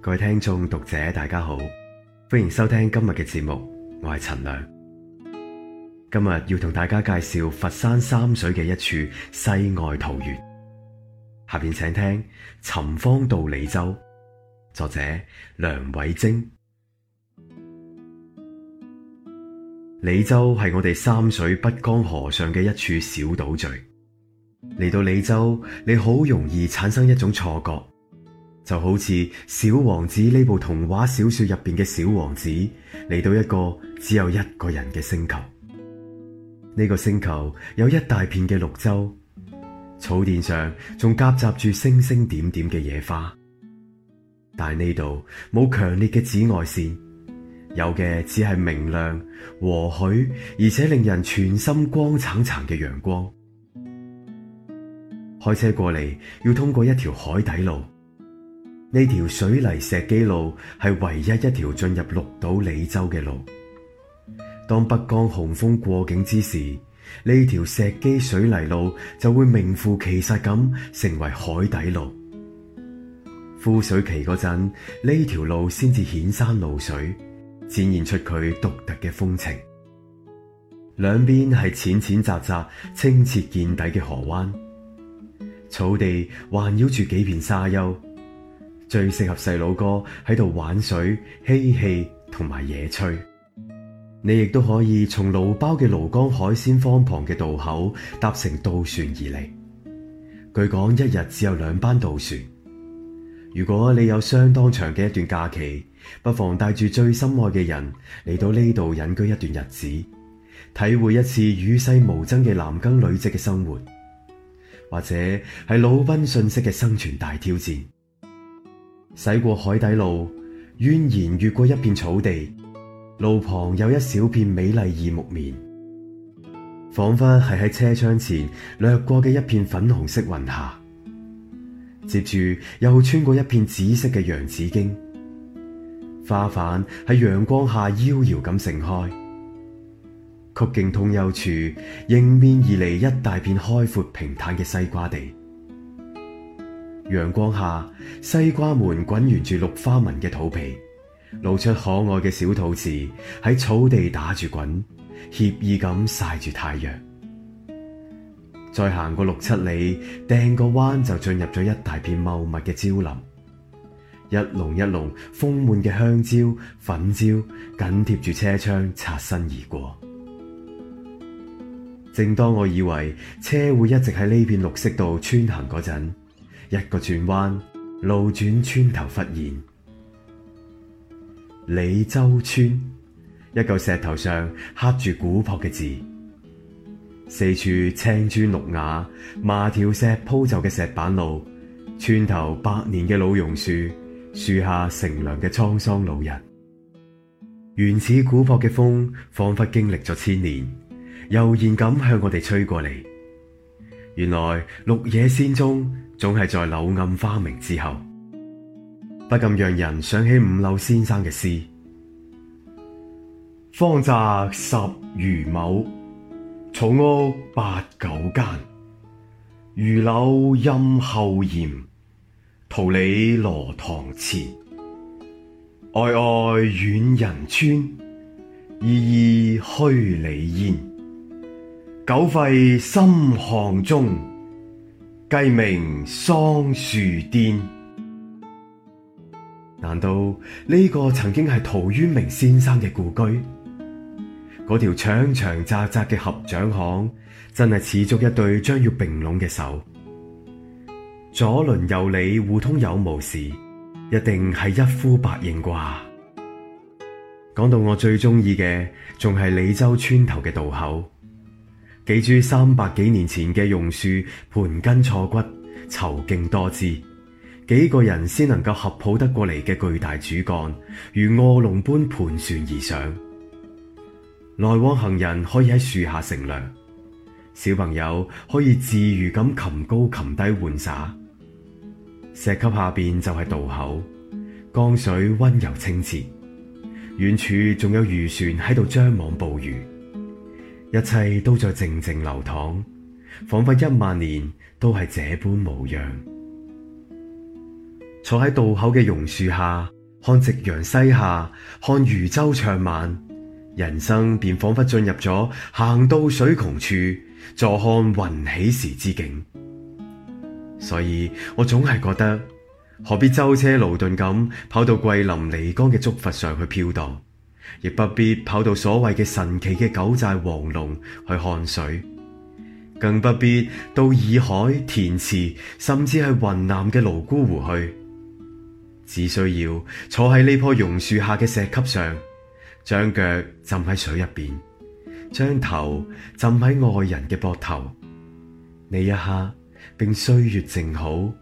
各位聽眾讀者大家好，歡迎收聽今日嘅節目，我係陳亮。今日要同大家介紹佛山三水嘅一處世外桃源。下面請聽《尋芳到李洲》，作者梁偉晶。李洲係我哋三水北江河上嘅一處小島嶼。嚟到李洲，你好容易產生一種錯覺。就好似《小王子》呢部童話小說入邊嘅小王子嚟到一個只有一個人嘅星球，呢個星球有一大片嘅綠洲，草甸上仲夾雜住星星點點嘅野花，但係呢度冇強烈嘅紫外線，有嘅只係明亮、和煦，而且令人全心光燦燦嘅陽光。開車過嚟要通過一條海底路。呢條水泥石基路係唯一一條進入綠島里州嘅路。當北江洪峰過境之時，呢條石基水泥路就會名副其實咁成為海底路。枯水期嗰陣，呢條路先至顯山露水，展現出佢獨特嘅風情。兩邊係淺淺窄窄、清澈見底嘅河灣，草地環繞住幾片沙丘。最適合細佬哥喺度玩水、嬉戲同埋野炊。你亦都可以從盧包嘅盧江海鮮坊旁嘅渡口搭乘渡船而嚟。據講，一日只有兩班渡船。如果你有相當長嘅一段假期，不妨帶住最心愛嘅人嚟到呢度隱居一段日子，體會一次與世無爭嘅男耕女織嘅生活，或者係魯濱遜式嘅生存大挑戰。駛過海底路，蜿蜒越過一片草地，路旁有一小片美麗異木棉，仿佛係喺車窗前掠過嘅一片粉紅色雲霞。接住又穿過一片紫色嘅洋紫荊，花瓣喺陽光下妖嬈咁盛開。曲徑通幽處，迎面而嚟一大片開闊平坦嘅西瓜地。陽光下，西瓜們滾圓住綠花紋嘅肚皮，露出可愛嘅小肚臍喺草地打住滾，愜意咁曬住太陽。再行過六七里，掟個彎就進入咗一大片茂密嘅蕉林，一籠一籠豐滿嘅香蕉、粉蕉緊貼住車窗擦身而過。正當我以為車會一直喺呢片綠色度穿行嗰陣，一個轉彎，路轉村頭忽然，忽現李洲村。一嚿石頭上刻住古樸嘅字，四處青磚綠瓦、麻條石鋪就嘅石板路，村頭百年嘅老榕樹，樹下乘涼嘅滄桑老人。原始古樸嘅風，仿佛經歷咗千年，悠然咁向我哋吹過嚟。原來綠野仙蹤總係在柳暗花明之後，不禁讓人想起五柳先生嘅詩：方宅十餘畝，草屋八九間。榆柳蔭後檐，桃李羅堂前。曖曖遠人村，依依墟里煙。狗吠深巷中，雞鳴桑樹巔。難道呢個曾經係陶淵明先生嘅故居？嗰條長長窄窄嘅合掌巷，真係似足一對將要併攏嘅手。左鄰右里互通有無時，一定係一呼百應啩。講到我最中意嘅，仲係李州村頭嘅渡口。記住三百幾年前嘅榕樹盤根錯骨，遒勁多姿，幾個人先能夠合抱得過嚟嘅巨大主幹，如臥龍般盤旋而上。來往行人可以喺樹下乘涼，小朋友可以自如咁擒高擒低玩耍。石級下邊就係渡口，江水温柔清澈，遠處仲有漁船喺度張網捕魚。一切都在靜靜流淌，仿佛一萬年都係這般模樣。坐喺渡口嘅榕樹下，看夕陽西下，看漁舟唱晚，人生便仿佛進入咗行到水窮處，坐看雲起時之境。所以我總係覺得，何必舟車勞頓咁跑到桂林漓江嘅竹筏上去漂蕩？亦不必跑到所謂嘅神奇嘅九寨黃龍去看水，更不必到洱海、滇池，甚至係雲南嘅瀘沽湖去。只需要坐喺呢棵榕樹下嘅石級上，將腳浸喺水入邊，將頭浸喺愛人嘅膊頭，呢一刻並歲月靜好。